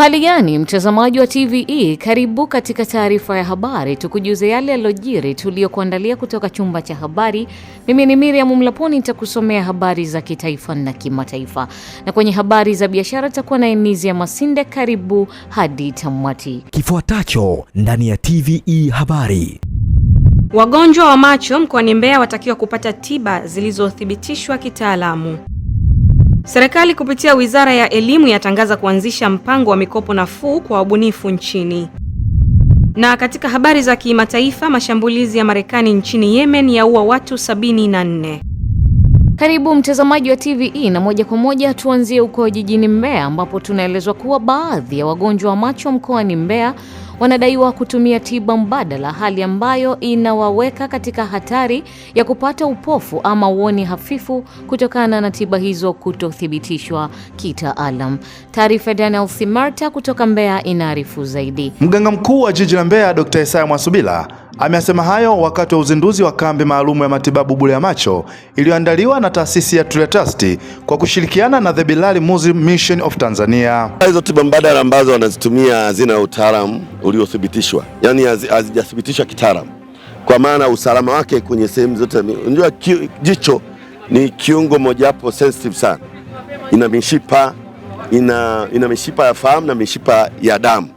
Uhali gani mtazamaji wa TVE, karibu katika taarifa ya habari, tukujuze yale yaliyojiri tuliyokuandalia kutoka chumba cha habari. Mimi ni Miriam Mlaponi, nitakusomea habari za kitaifa na kimataifa, na kwenye habari za biashara takuwa na Enizi ya Masinde. Karibu hadi tamati. Kifuatacho ndani ya TVE habari. Wagonjwa wa macho mkoani Mbeya watakiwa kupata tiba zilizothibitishwa kitaalamu. Serikali kupitia Wizara ya Elimu yatangaza kuanzisha mpango wa mikopo nafuu kwa wabunifu nchini. Na katika habari za kimataifa, mashambulizi ya Marekani nchini Yemen yaua watu 74. Karibu mtazamaji wa TVE na moja kwa moja tuanzie huko jijini Mbeya ambapo tunaelezwa kuwa baadhi ya wagonjwa wa macho mkoani Mbeya wanadaiwa kutumia tiba mbadala, hali ambayo inawaweka katika hatari ya kupata upofu ama uoni hafifu kutokana na tiba hizo kutothibitishwa kitaalam. Taarifa ya Daniel Simarta kutoka Mbeya inaarifu zaidi. Mganga mkuu wa jiji la Mbeya Dr. Isaya Mwasubila ameasema hayo wakati wa uzinduzi wa kambi maalum ya matibabu bure ya macho iliyoandaliwa na taasisi ya Tulia Trust kwa kushirikiana na The Bilal Muslim Mission of Tanzania. Hizo tiba mbadala ambazo wanazitumia hazina utaalamu uliothibitishwa, yani hazijathibitishwa kitaalamu, kwa maana usalama wake kwenye sehemu zote. Unajua jicho ni kiungo mojawapo sensitive sana, ina mishipa ina, ina mishipa ya fahamu na mishipa ya damu.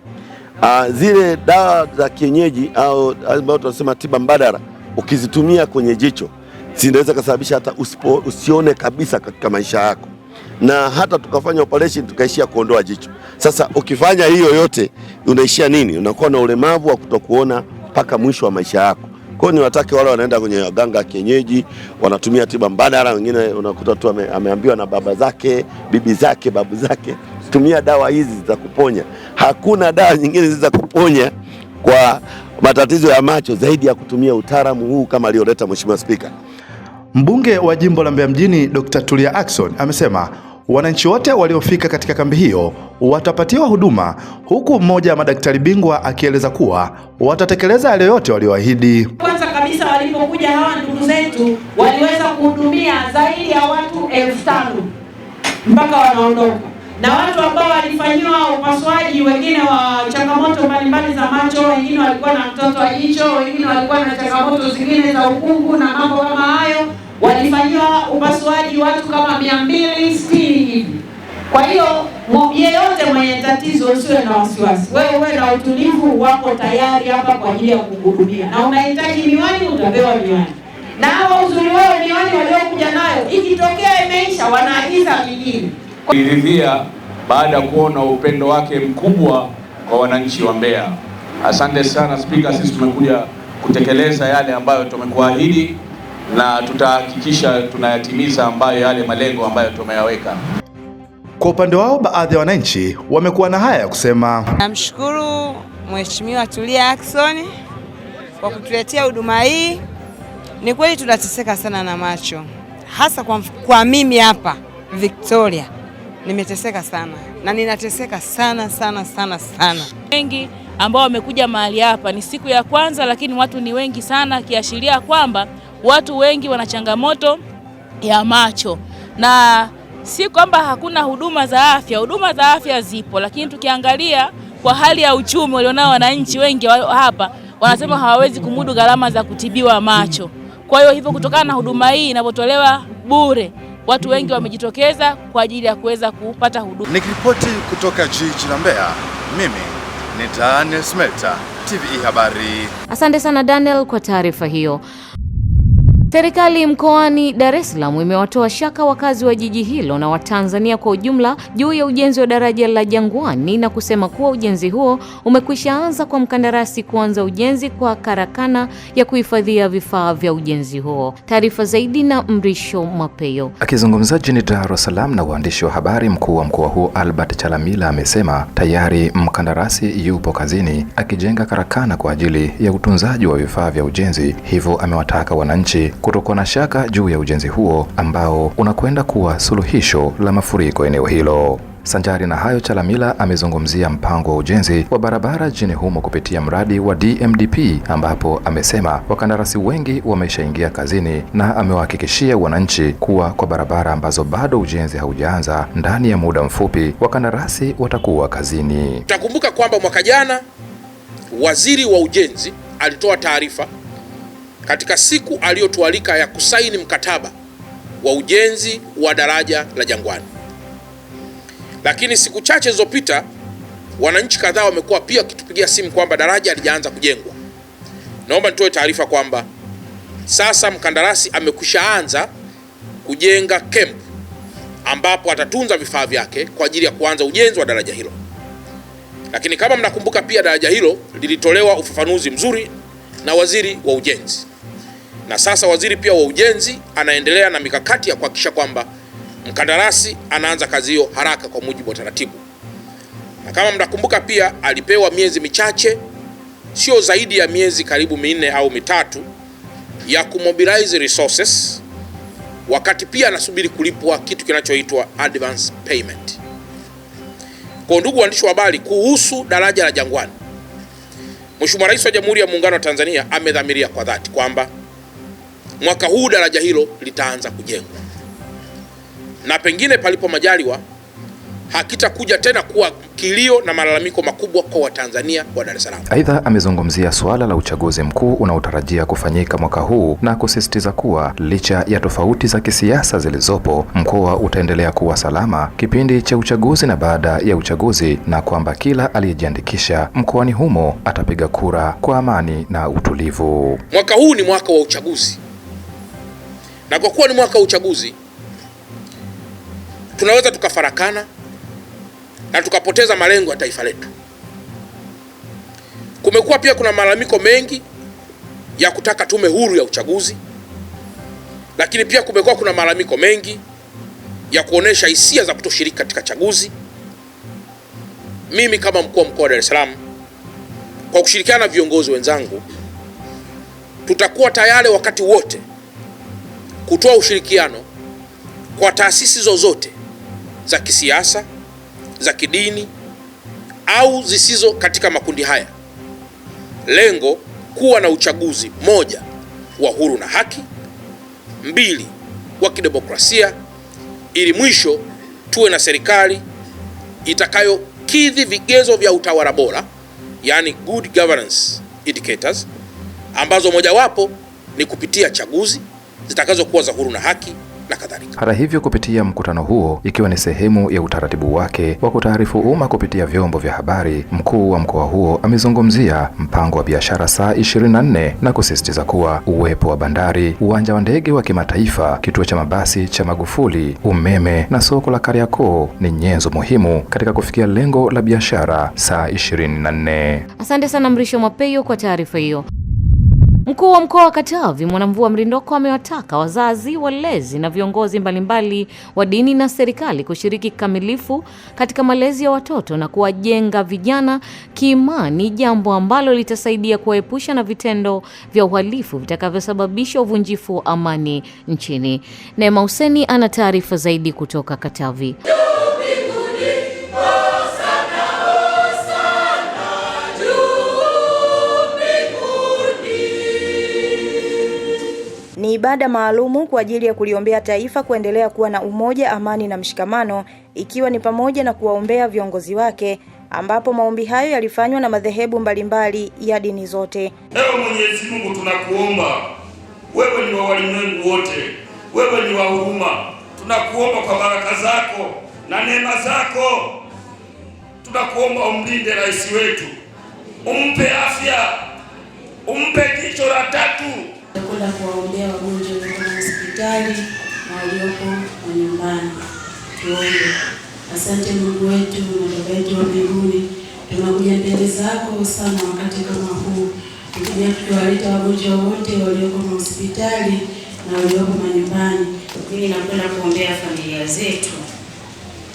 Aa, ah, zile dawa za kienyeji au ambao tunasema tiba mbadala ukizitumia kwenye jicho zinaweza kusababisha hata usipo, usione kabisa katika maisha yako na hata tukafanya operation tukaishia kuondoa jicho. Sasa ukifanya hiyo yote unaishia nini? Unakuwa na ulemavu wa kutokuona mpaka mwisho wa maisha yako. Kwa hiyo watake wale wanaenda kwenye waganga wa kienyeji, wanatumia tiba mbadala. Wengine unakuta tu ame, ameambiwa na baba zake, bibi zake, babu zake, tumia dawa hizi kuponya. Hakuna dawa nyingine za kuponya kwa matatizo ya macho zaidi ya kutumia utaalamu huu kama aliyoleta Mheshimiwa Spika. Mbunge wa jimbo la Mbeya mjini Dr. Tulia Ackson amesema wananchi wote waliofika katika kambi hiyo watapatiwa huduma, huku mmoja wa madaktari bingwa akieleza kuwa watatekeleza yale yote walioahidi. Kwanza kabisa walipokuja hawa ndugu zetu waliweza kuhudumia zaidi ya watu elfu tano mpaka wanaondoka na watu ambao walifanyiwa upasuaji, wengine wa changamoto mbalimbali za macho, wengine walikuwa na mtoto wa jicho, wengine walikuwa na changamoto zingine za ukungu na mambo kama hayo upasuaji watu kama mia mbili stini hivi. Kwa hiyo yeyote mwenye tatizo usiwe na wasiwasi, wewe uwe na utulivu, wako tayari hapa kwa ajili ya kukuhudumia, na unahitaji miwani, utapewa miwani. Na hawa uzuri wao miwani waliokuja nayo, ikitokea imeisha, wanaagiza mingine. Niridhia baada ya kuona upendo wake mkubwa kwa wananchi wa Mbeya. Asante sana Spika, sisi tumekuja kutekeleza yale ambayo tumekuahidi na tutahakikisha tunayatimiza ambayo yale malengo ambayo tumeyaweka. Kwa upande wao, baadhi ya wananchi wamekuwa na haya ya kusema. Namshukuru Mheshimiwa Tulia Ackson kwa kutuletea huduma hii. Ni kweli tunateseka sana na macho, hasa kwa, kwa mimi hapa Victoria nimeteseka sana na ninateseka sana sana sana sana. Wengi ambao wamekuja mahali hapa ni siku ya kwanza, lakini watu ni wengi sana, kiashiria kwamba watu wengi wana changamoto ya macho na si kwamba hakuna huduma za afya. Huduma za afya zipo, lakini tukiangalia kwa hali ya uchumi walionao wananchi wengi hapa, wanasema hawawezi kumudu gharama za kutibiwa macho. Kwa hiyo hivyo, kutokana na huduma hii inapotolewa bure, watu wengi wamejitokeza kwa ajili ya kuweza kupata huduma. Nikiripoti kutoka jiji la Mbeya, mimi ni Daniel Smelta, TV e Habari. Asante sana Daniel kwa taarifa hiyo. Serikali mkoani Dar es Salaam imewatoa shaka wakazi wa jiji hilo na Watanzania kwa ujumla juu ya ujenzi wa daraja la Jangwani na kusema kuwa ujenzi huo umekwisha anza kwa mkandarasi kuanza ujenzi kwa karakana ya kuhifadhia vifaa vya ujenzi huo. Taarifa zaidi na Mrisho Mapeyo. Akizungumza jijini Dar es Salaam na waandishi wa habari, mkuu wa mkoa huo Albert Chalamila amesema tayari mkandarasi yupo kazini akijenga karakana kwa ajili ya utunzaji wa vifaa vya ujenzi, hivyo amewataka wananchi kutokuwa na shaka juu ya ujenzi huo ambao unakwenda kuwa suluhisho la mafuriko eneo hilo. Sanjari na hayo, Chalamila amezungumzia mpango wa ujenzi wa barabara jijini humo kupitia mradi wa DMDP ambapo amesema wakandarasi wengi wameshaingia kazini na amewahakikishia wananchi kuwa kwa barabara ambazo bado ujenzi haujaanza, ndani ya muda mfupi wakandarasi watakuwa kazini. Utakumbuka kwamba mwaka jana waziri wa ujenzi alitoa taarifa katika siku aliyotualika ya kusaini mkataba wa ujenzi wa daraja la Jangwani. Lakini siku chache zilizopita wananchi kadhaa wamekuwa pia wakitupigia simu kwamba daraja halijaanza kujengwa. Naomba nitoe taarifa kwamba sasa mkandarasi amekushaanza kujenga camp ambapo atatunza vifaa vyake kwa ajili ya kuanza ujenzi wa daraja hilo. Lakini kama mnakumbuka, pia daraja hilo lilitolewa ufafanuzi mzuri na waziri wa ujenzi na sasa waziri pia wa ujenzi anaendelea na mikakati ya kuhakikisha kwamba mkandarasi anaanza kazi hiyo haraka kwa mujibu wa taratibu. Na kama mnakumbuka pia alipewa miezi michache, sio zaidi ya miezi karibu minne au mitatu ya kumobilize resources, wakati pia anasubiri kulipwa kitu kinachoitwa advance payment. Kwa ndugu waandishi wa habari, kuhusu daraja la Jangwani, Mheshimiwa Rais wa Jamhuri ya Muungano wa Tanzania amedhamiria kwa dhati kwamba mwaka huu daraja hilo litaanza kujengwa, na pengine palipo majaliwa hakitakuja tena kuwa kilio na malalamiko makubwa kwa Watanzania wa Dar es Salaam. Aidha, amezungumzia suala la uchaguzi mkuu unaotarajia kufanyika mwaka huu na kusisitiza kuwa licha ya tofauti za kisiasa zilizopo, mkoa utaendelea kuwa salama kipindi cha uchaguzi na baada ya uchaguzi, na kwamba kila aliyejiandikisha mkoani humo atapiga kura kwa amani na utulivu. Mwaka huu ni mwaka wa uchaguzi na kwa kuwa ni mwaka wa uchaguzi, tunaweza tukafarakana na tukapoteza malengo ya taifa letu. Kumekuwa pia kuna malalamiko mengi ya kutaka tume huru ya uchaguzi, lakini pia kumekuwa kuna malalamiko mengi ya kuonesha hisia za kutoshiriki katika chaguzi. Mimi kama mkuu wa mkoa wa Dar es Salaam, kwa kushirikiana na viongozi wenzangu, tutakuwa tayari wakati wote kutoa ushirikiano kwa taasisi zozote za kisiasa, za kidini au zisizo katika makundi haya. Lengo kuwa na uchaguzi moja wa huru na haki, mbili wa kidemokrasia, ili mwisho tuwe na serikali itakayokidhi vigezo vya utawala bora, yani good governance indicators, ambazo mojawapo ni kupitia chaguzi zitakazokuwa za huru na haki na kadhalika. Hata hivyo, kupitia mkutano huo, ikiwa ni sehemu ya utaratibu wake wa kutaarifu umma kupitia vyombo vya habari, mkuu wa mkoa huo amezungumzia mpango wa biashara saa 24 na kusisitiza kuwa uwepo wa bandari, uwanja wa ndege wa kimataifa, kituo cha mabasi cha Magufuli, umeme na soko la Kariakoo ni nyenzo muhimu katika kufikia lengo la biashara saa 24. Asante sana Mrisho Mapeyo kwa taarifa hiyo. Mkuu wa mkoa wa Katavi Mwanamvua Mrindoko amewataka wazazi, walezi na viongozi mbalimbali wa dini na serikali kushiriki kikamilifu katika malezi ya watoto na kuwajenga vijana kiimani, jambo ambalo litasaidia kuwaepusha na vitendo vya uhalifu vitakavyosababisha uvunjifu wa amani nchini. Neema Huseni ana taarifa zaidi kutoka Katavi. Ni ibada maalumu kwa ajili ya kuliombea taifa kuendelea kuwa na umoja, amani na mshikamano, ikiwa ni pamoja na kuwaombea viongozi wake, ambapo maombi hayo yalifanywa na madhehebu mbalimbali ya dini zote. Ewe Mwenyezi Mungu, tunakuomba wewe, ni wa walimwengu wote, wewe ni wa huruma, tunakuomba kwa baraka zako na neema zako, tunakuomba umlinde rais wetu, umpe afya, umpe jicho la tatu kwenda kuwaombea wagonjwa walioko hospitali na walioko manyumbani. Tuombe. Asante Mungu wetu na Baba yetu wa mbinguni, tunakuja mbele zako sana wakati kama huu, tukija tukiwaleta wagonjwa wote walioko hospitali na walioko manyumbani. Mimi nakwenda kuombea familia zetu.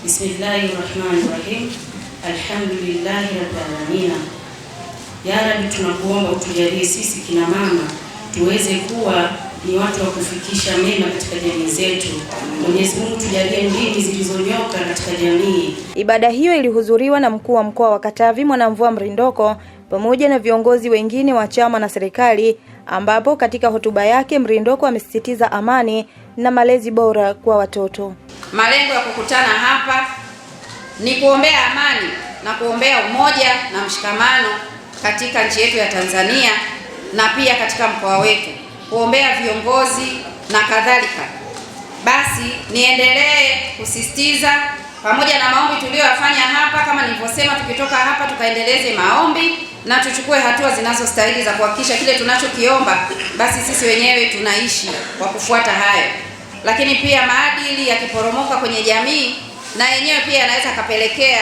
Bismillahir rahmani Rahim. Alhamdulillahi Rabbil Alamin. Ya Rabbi, tunakuomba utujalie sisi kina mama tuweze kuwa ni watu wa kufikisha mema katika jamii zetu. Mwenyezi Mungu tujalie ndimi zilizonyoka katika jamii. Ibada hiyo ilihudhuriwa na mkuu wa mkoa wa Katavi Mwanamvua Mrindoko pamoja na viongozi wengine wa chama na serikali, ambapo katika hotuba yake Mrindoko amesisitiza amani na malezi bora kwa watoto. Malengo ya kukutana hapa ni kuombea amani na kuombea umoja na mshikamano katika nchi yetu ya Tanzania na pia katika mkoa wetu kuombea viongozi na kadhalika. Basi niendelee kusisitiza pamoja na maombi tuliyoyafanya hapa, kama nilivyosema, tukitoka hapa tukaendeleze maombi na tuchukue hatua zinazostahili za kuhakikisha kile tunachokiomba basi sisi wenyewe tunaishi kwa kufuata hayo. Lakini pia maadili yakiporomoka kwenye jamii, na yenyewe pia yanaweza kapelekea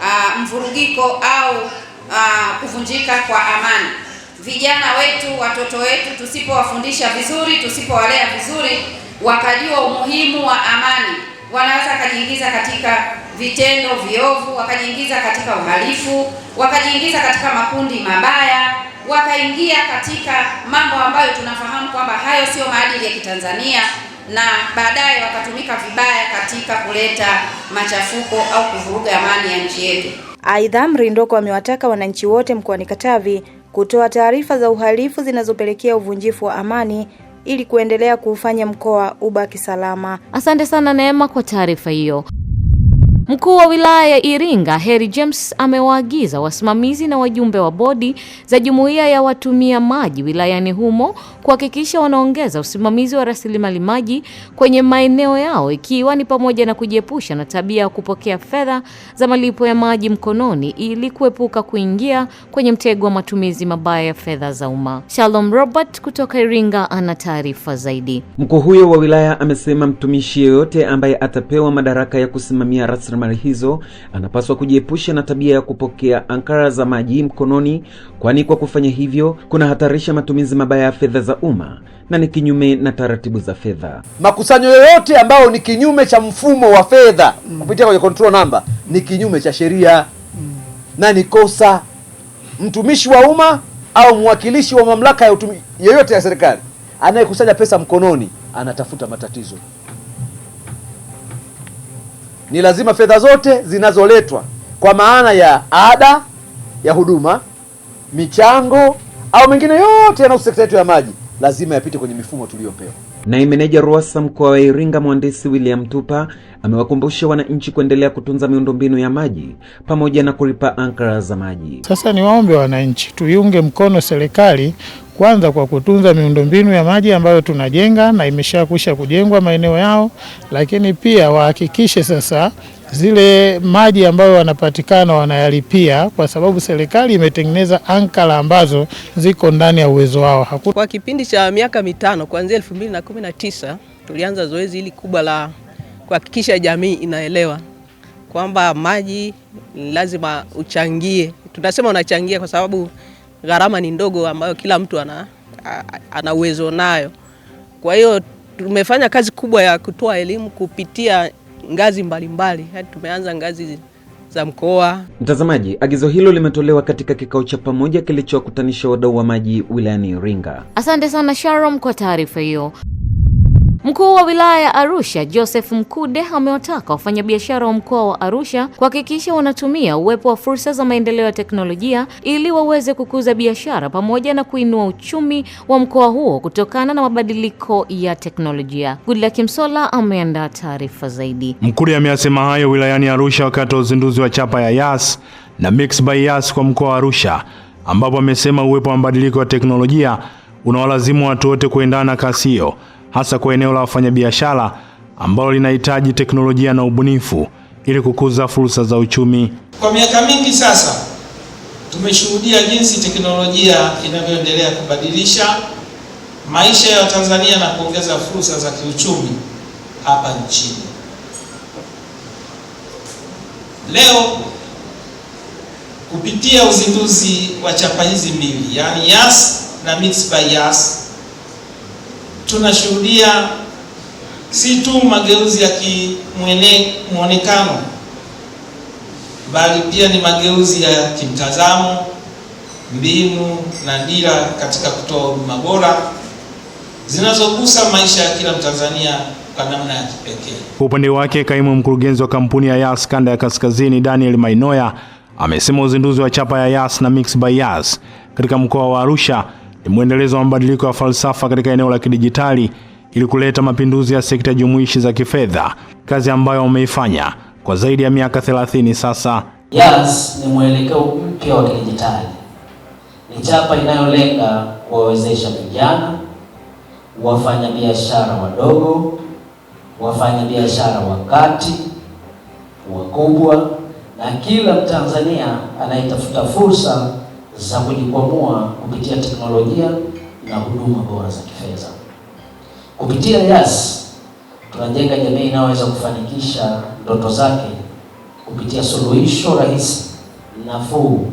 uh, ah, mvurugiko au uh, kuvunjika kwa amani vijana wetu, watoto wetu, tusipowafundisha vizuri, tusipowalea vizuri, wakajua umuhimu wa amani, wanaweza wakajiingiza katika vitendo viovu, wakajiingiza katika uhalifu, wakajiingiza katika makundi mabaya, wakaingia katika mambo ambayo tunafahamu kwamba hayo sio maadili ya Kitanzania na baadaye wakatumika vibaya katika kuleta machafuko au kuvuruga amani ya nchi yetu. Aidha, Mrindoko amewataka wananchi wote mkoani Katavi kutoa taarifa za uhalifu zinazopelekea uvunjifu wa amani ili kuendelea kuufanya mkoa ubaki salama. Asante sana Neema kwa taarifa hiyo. Mkuu wa wilaya ya Iringa Heri James amewaagiza wasimamizi na wajumbe wa bodi za jumuiya ya watumia maji wilayani humo kuhakikisha wanaongeza usimamizi wa rasilimali maji kwenye maeneo yao ikiwa ni pamoja na kujiepusha na tabia ya kupokea fedha za malipo ya maji mkononi ili kuepuka kuingia kwenye mtego wa matumizi mabaya ya fedha za umma. Shalom Robert kutoka Iringa ana taarifa zaidi. Mkuu huyo wa wilaya amesema mtumishi yeyote ambaye atapewa madaraka ya kusimamia rasilimali rasilimali hizo anapaswa kujiepusha na tabia ya kupokea ankara za maji mkononi, kwani kwa kufanya hivyo kunahatarisha matumizi mabaya ya fedha za umma na ni kinyume na taratibu za fedha. Makusanyo yoyote ambayo ni kinyume cha mfumo wa fedha mm. kupitia kwenye control number ni kinyume cha sheria mm. na ni kosa. Mtumishi wa umma au mwakilishi wa mamlaka ya yoyote ya serikali anayekusanya pesa mkononi anatafuta matatizo ni lazima fedha zote zinazoletwa kwa maana ya ada ya huduma, michango au mengine yote yanayohusu sekta yetu ya maji lazima yapite kwenye mifumo tuliyopewa. Naye meneja RUWASA mkoa wa Iringa mhandisi William Tupa amewakumbusha wananchi kuendelea kutunza miundombinu ya maji pamoja na kulipa ankara za maji. Sasa niwaombe wananchi tuiunge mkono serikali kwanza kwa kutunza miundombinu ya maji ambayo tunajenga na imeshakwisha kujengwa maeneo yao, lakini pia wahakikishe sasa zile maji ambayo wanapatikana wanayalipia, kwa sababu serikali imetengeneza ankara ambazo ziko ndani ya uwezo wao. Hakuna... kwa kipindi cha miaka mitano kuanzia 2019 tulianza zoezi hili kubwa la kuhakikisha jamii inaelewa kwamba maji lazima uchangie. Tunasema unachangia kwa sababu gharama ni ndogo ambayo kila mtu ana, ana uwezo nayo. Kwa hiyo tumefanya kazi kubwa ya kutoa elimu kupitia ngazi mbalimbali hadi yaani tumeanza ngazi za mkoa. Mtazamaji, agizo hilo limetolewa katika kikao cha pamoja kilichowakutanisha wadau wa maji wilayani Iringa. Asante sana Sharon kwa taarifa hiyo. Mkuu wa wilaya ya Arusha Joseph Mkude amewataka wafanyabiashara wa mkoa wa Arusha kuhakikisha wanatumia uwepo wa fursa za maendeleo ya teknolojia ili waweze kukuza biashara pamoja na kuinua uchumi wa mkoa huo kutokana na mabadiliko ya teknolojia. Goodluck Msola ameandaa taarifa zaidi. Mkude ameyasema hayo wilayani Arusha wakati wa uzinduzi wa chapa ya Yas na Mix by Yas kwa mkoa wa Arusha, ambapo amesema uwepo wa mabadiliko ya teknolojia unawalazimu watu wote kuendana kasi hiyo hasa kwa eneo la wafanyabiashara ambalo linahitaji teknolojia na ubunifu ili kukuza fursa za uchumi. Kwa miaka mingi sasa tumeshuhudia jinsi teknolojia inavyoendelea kubadilisha maisha ya Watanzania na kuongeza fursa za kiuchumi hapa nchini. Leo kupitia uzinduzi wa chapa hizi mbili, yani Yas na Mixx by Yas tunashuhudia si tu mageuzi ya kimwonekano, bali pia ni mageuzi ya kimtazamo, mbinu na dira katika kutoa huduma bora zinazogusa maisha ya kila Mtanzania kwa namna ya kipekee. Kwa upande wake, kaimu mkurugenzi wa kampuni ya Yas kanda ya kaskazini Daniel Mainoya amesema uzinduzi wa chapa ya Yas na Mix by Yas katika mkoa wa Arusha ni mwendelezo wa mabadiliko ya falsafa katika eneo la kidijitali ili kuleta mapinduzi ya sekta jumuishi za kifedha, kazi ambayo wameifanya kwa zaidi ya miaka 30 sasa. Yas ni mwelekeo mpya wa kidijitali, ni chapa inayolenga kuwawezesha vijana, wafanyabiashara wadogo, wafanyabiashara wa kati, wakubwa na kila Mtanzania anayetafuta fursa za kujikwamua kupitia teknolojia na huduma bora za kifedha. Kupitia Yas tunajenga jamii inayoweza kufanikisha ndoto zake kupitia suluhisho rahisi, nafuu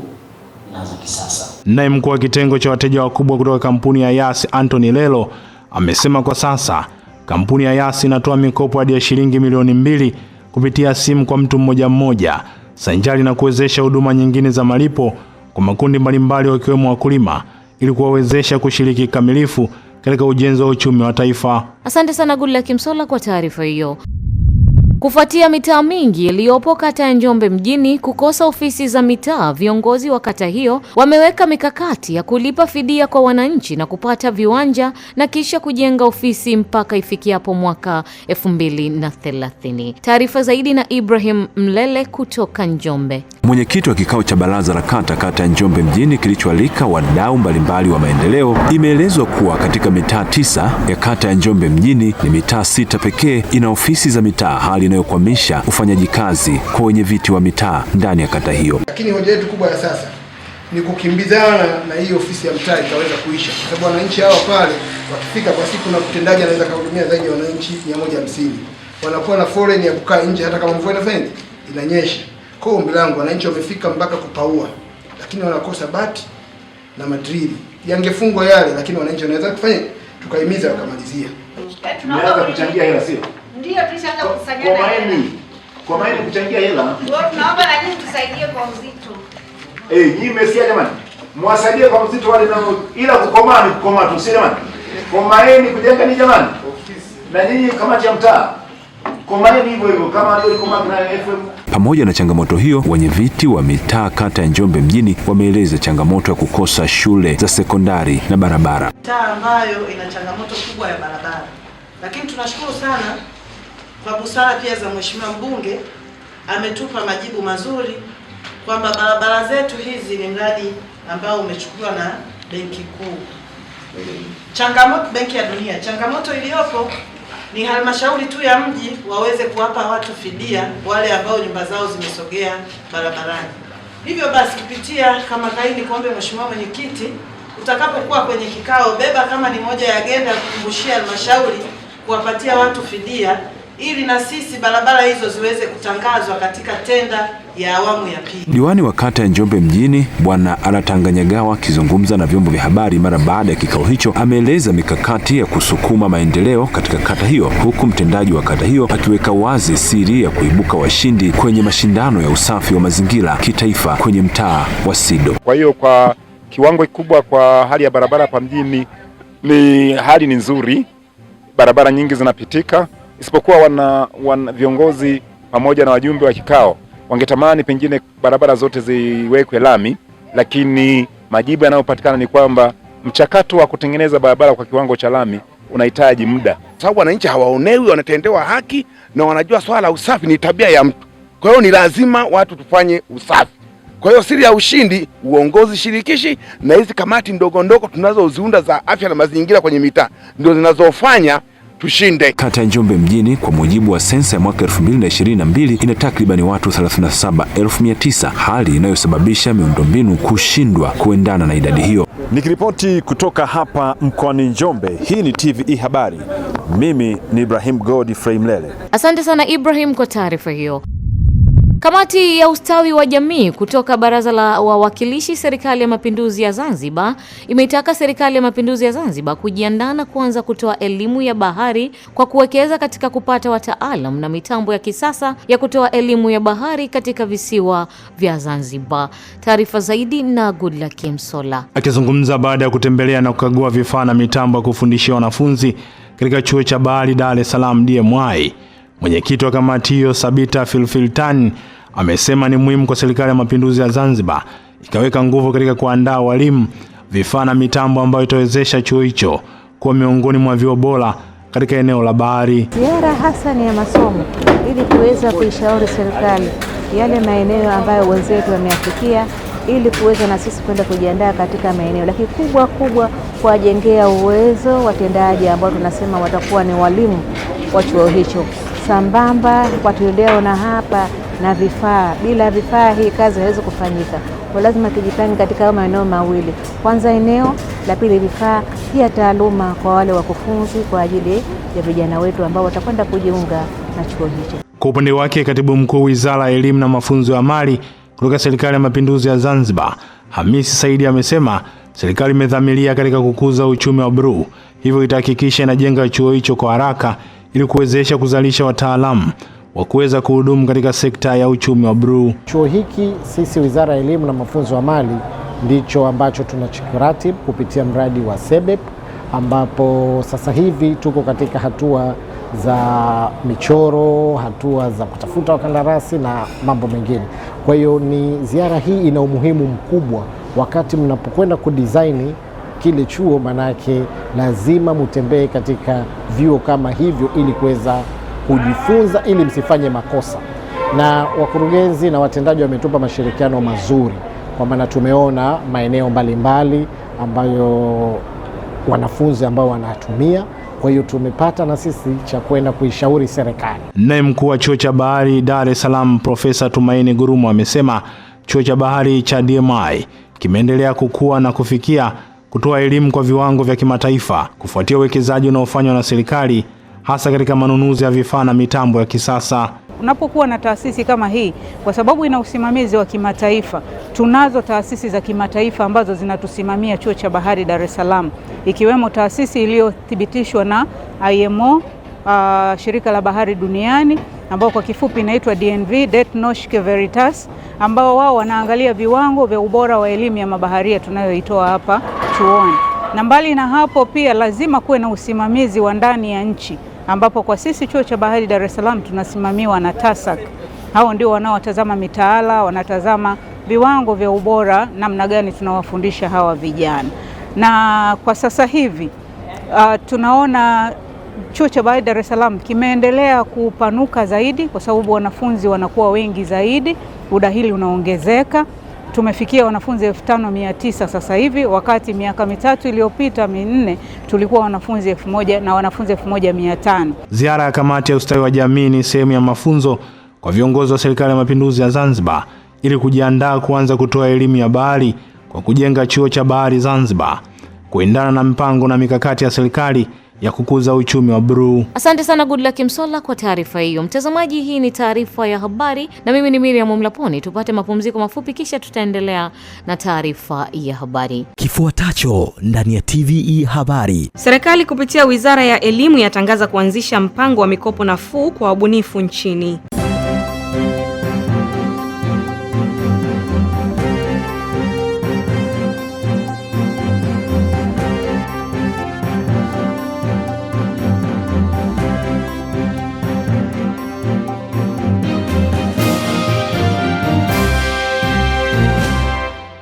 na za kisasa. Naye mkuu wa kitengo cha wateja wakubwa kutoka kampuni ya Yas, Anthony Lelo, amesema kwa sasa kampuni ya Yas inatoa mikopo hadi ya shilingi milioni mbili kupitia simu kwa mtu mmoja mmoja, sanjari na kuwezesha huduma nyingine za malipo kwa makundi mbalimbali wakiwemo wakulima ili kuwawezesha kushiriki kikamilifu katika ujenzi wa uchumi wa taifa. Asante sana Gulla Kimsola kwa taarifa hiyo. Kufuatia mitaa mingi iliyopo kata ya Njombe mjini kukosa ofisi za mitaa, viongozi wa kata hiyo wameweka mikakati ya kulipa fidia kwa wananchi na kupata viwanja na kisha kujenga ofisi mpaka ifikiapo mwaka 2030. Taarifa zaidi na Ibrahim Mlele kutoka Njombe. Mwenyekiti wa kikao cha baraza la kata kata ya Njombe mjini kilichoalika wadau mbalimbali wa maendeleo, imeelezwa kuwa katika mitaa tisa ya kata ya Njombe mjini ni mitaa sita pekee ina ofisi za mitaa hali yanayokwamisha ufanyaji kazi kwa wenye viti wa mitaa ndani ya kata hiyo. Lakini hoja yetu kubwa ya sasa ni kukimbizana na hii ofisi ya mtaa itaweza kuisha, kwa sababu wananchi hawa pale wakifika kwa siku na mtendaji anaweza kuhudumia zaidi ya wananchi 150 wanakuwa na foleni ya kukaa nje, hata kama mvua inafanya inanyesha. Kwa hiyo ombi langu, wananchi wamefika mpaka kupaua, lakini wanakosa bati na madrili. Yangefungwa yale, lakini wananchi wanaweza kufanya, tukaimiza wakamalizia. Tunaomba kuchangia hela, sio ndio tushaanza kusanya na kukusanyana. Kwa maana kuchangia hela. Tunaomba na nyinyi tusaidie kwa uzito. Eh, nyinyi mmesikia jamani. Mwasaidie kwa uzito wale na ila kukomaa ni kukomaa tu, si jamani. Komaeni kujenga ni jamani. Na nyinyi kamati ya mtaa. Komaeni hivyo hivyo kama leo iko na FM pamoja na changamoto hiyo, wenye viti wa mitaa kata ya Njombe mjini wameeleza changamoto ya kukosa shule za sekondari na barabara, Mtaa ambayo ina changamoto kubwa ya barabara, lakini tunashukuru sana kwa busara pia za mheshimiwa mbunge ametupa majibu mazuri kwamba barabara zetu hizi ni mradi ambao umechukuliwa na Benki Kuu. Changamoto Benki ya Dunia, changamoto iliyopo ni halmashauri tu ya mji waweze kuwapa watu fidia wale ambao nyumba zao zimesogea barabarani. Hivyo basi, kupitia kama kaini kuombe mheshimiwa mwenyekiti, utakapokuwa kwenye kikao, beba kama ni moja ya agenda ya kukumbushia halmashauri kuwapatia watu fidia ili na sisi barabara hizo ziweze kutangazwa katika tenda ya awamu ya pili. Diwani wa kata ya Njombe mjini Bwana Alatanganyagawa akizungumza na vyombo vya habari mara baada ya kikao hicho, ameeleza mikakati ya kusukuma maendeleo katika kata hiyo, huku mtendaji wa kata hiyo akiweka wazi siri ya kuibuka washindi kwenye mashindano ya usafi wa mazingira kitaifa kwenye mtaa wa Sido. Kwa hiyo kwa kiwango kikubwa kwa hali ya barabara hapa mjini ni hali ni nzuri, barabara nyingi zinapitika isipokuwa wana, wana viongozi pamoja na wajumbe wa kikao wangetamani pengine barabara zote ziwekwe lami, lakini majibu yanayopatikana ni kwamba mchakato wa kutengeneza barabara kwa kiwango cha lami unahitaji muda, sababu wananchi hawaonewi, wanatendewa haki na wanajua swala la usafi ni tabia ya mtu. Kwa hiyo ni lazima watu tufanye usafi. Kwa hiyo siri ya ushindi, uongozi shirikishi na hizi kamati ndogo ndogo tunazoziunda za afya na mazingira kwenye mitaa ndio zinazofanya tushinde. Kata ya Njombe mjini kwa mujibu wa sensa ya mwaka 2022 ina takribani watu 37,900, hali inayosababisha miundombinu kushindwa kuendana na idadi hiyo. Nikiripoti kutoka hapa mkoani Njombe, hii ni TVE Habari. Mimi ni Ibrahim Godfrey Mlele. Asante sana Ibrahim kwa taarifa hiyo. Kamati ya ustawi wa jamii kutoka Baraza la Wawakilishi, Serikali ya Mapinduzi ya Zanzibar imeitaka Serikali ya Mapinduzi ya Zanzibar kujiandaa na kuanza kutoa elimu ya bahari kwa kuwekeza katika kupata wataalam na mitambo ya kisasa ya kutoa elimu ya bahari katika visiwa vya Zanzibar. Taarifa zaidi na Goodluck Msola. Akizungumza baada ya kutembelea na kukagua vifaa na mitambo ya kufundishia wanafunzi katika Chuo cha Bahari Dar es Salaam DMI, mwenyekiti wa kamati hiyo Sabita Filfiltani amesema ni muhimu kwa Serikali ya Mapinduzi ya Zanzibar ikaweka nguvu katika kuandaa walimu, vifaa na mitambo ambayo itawezesha chuo hicho kuwa miongoni mwa vyuo bora katika eneo la Bahari. Ziara hasa ni ya masomo ili kuweza kuishauri serikali yale maeneo ambayo wenzetu wameafikia ili kuweza na sisi kwenda kujiandaa katika maeneo, lakini kubwa kubwa kuwajengea uwezo watendaji ambao tunasema watakuwa ni walimu wa chuo hicho, sambamba watu na hapa na vifaa. Bila vifaa hii kazi haiwezi kufanyika, kwa lazima tujipange katika maeneo mawili, kwanza eneo, la pili vifaa, pia taaluma kwa wale wakufunzi kwa ajili ya vijana wetu ambao watakwenda kujiunga na chuo hicho. Kwa upande wake, katibu mkuu Wizara ya Elimu na Mafunzo ya Amali kutoka Serikali ya Mapinduzi ya Zanzibar, Hamisi Saidi amesema serikali imedhamiria katika kukuza uchumi wa bluu, hivyo itahakikisha inajenga chuo hicho kwa haraka ili kuwezesha kuzalisha wataalamu wa kuweza kuhudumu katika sekta ya uchumi wa bluu. Chuo hiki sisi Wizara ya Elimu na Mafunzo ya Amali ndicho ambacho tunachokiratibu kupitia mradi wa SEBEP ambapo sasa hivi tuko katika hatua za michoro, hatua za kutafuta wakandarasi na mambo mengine. Kwa hiyo ni ziara hii ina umuhimu mkubwa wakati mnapokwenda kudisaini kile chuo, maanake lazima mutembee katika vyuo kama hivyo ili kuweza kujifunza ili msifanye makosa, na wakurugenzi na watendaji wametupa mashirikiano mazuri, kwa maana tumeona maeneo mbalimbali mbali ambayo wanafunzi ambao wanatumia kwa hiyo tumepata na sisi cha kwenda kuishauri serikali. Naye mkuu wa chuo cha bahari Dar es Salaam Profesa Tumaini Gurumo amesema chuo cha bahari cha DMI kimeendelea kukua na kufikia kutoa elimu kwa viwango vya kimataifa kufuatia uwekezaji unaofanywa na serikali hasa katika manunuzi ya vifaa na mitambo ya kisasa. Unapokuwa na taasisi kama hii, kwa sababu ina usimamizi wa kimataifa, tunazo taasisi za kimataifa ambazo zinatusimamia chuo cha bahari Dar es Salaam, ikiwemo taasisi iliyothibitishwa na IMO, uh, shirika la bahari duniani ambao kwa kifupi inaitwa DNV Det Norske Veritas, ambao wao wanaangalia viwango vya ubora wa elimu ya mabaharia tunayoitoa hapa chuoni, na mbali na hapo pia lazima kuwe na usimamizi wa ndani ya nchi ambapo kwa sisi chuo cha bahari Dar es Salaam tunasimamiwa na TASAC. Hao ndio wanaotazama mitaala, wanatazama viwango vya ubora, namna gani tunawafundisha hawa vijana. Na kwa sasa hivi uh, tunaona chuo cha bahari Dar es Salaam kimeendelea kupanuka zaidi, kwa sababu wanafunzi wanakuwa wengi zaidi, udahili unaongezeka tumefikia wanafunzi elfu tano mia tisa sasa hivi, wakati miaka mitatu iliyopita minne tulikuwa wanafunzi elfu moja na wanafunzi elfu moja mia tano. Ziara ya kamati ya ustawi wa jamii ni sehemu ya mafunzo kwa viongozi wa serikali ya mapinduzi ya Zanzibar ili kujiandaa kuanza kutoa elimu ya bahari kwa kujenga chuo cha bahari Zanzibar kuendana na mpango na mikakati ya serikali ya kukuza uchumi wa Bruu. Asante sana Goodluck Msolla kwa taarifa hiyo. Mtazamaji, hii ni taarifa ya habari na mimi ni Miriam Mlaponi. Tupate mapumziko mafupi, kisha tutaendelea na taarifa ya habari kifuatacho ndani ya TVE Habari. Serikali kupitia Wizara ya Elimu yatangaza kuanzisha mpango wa mikopo nafuu kwa wabunifu nchini.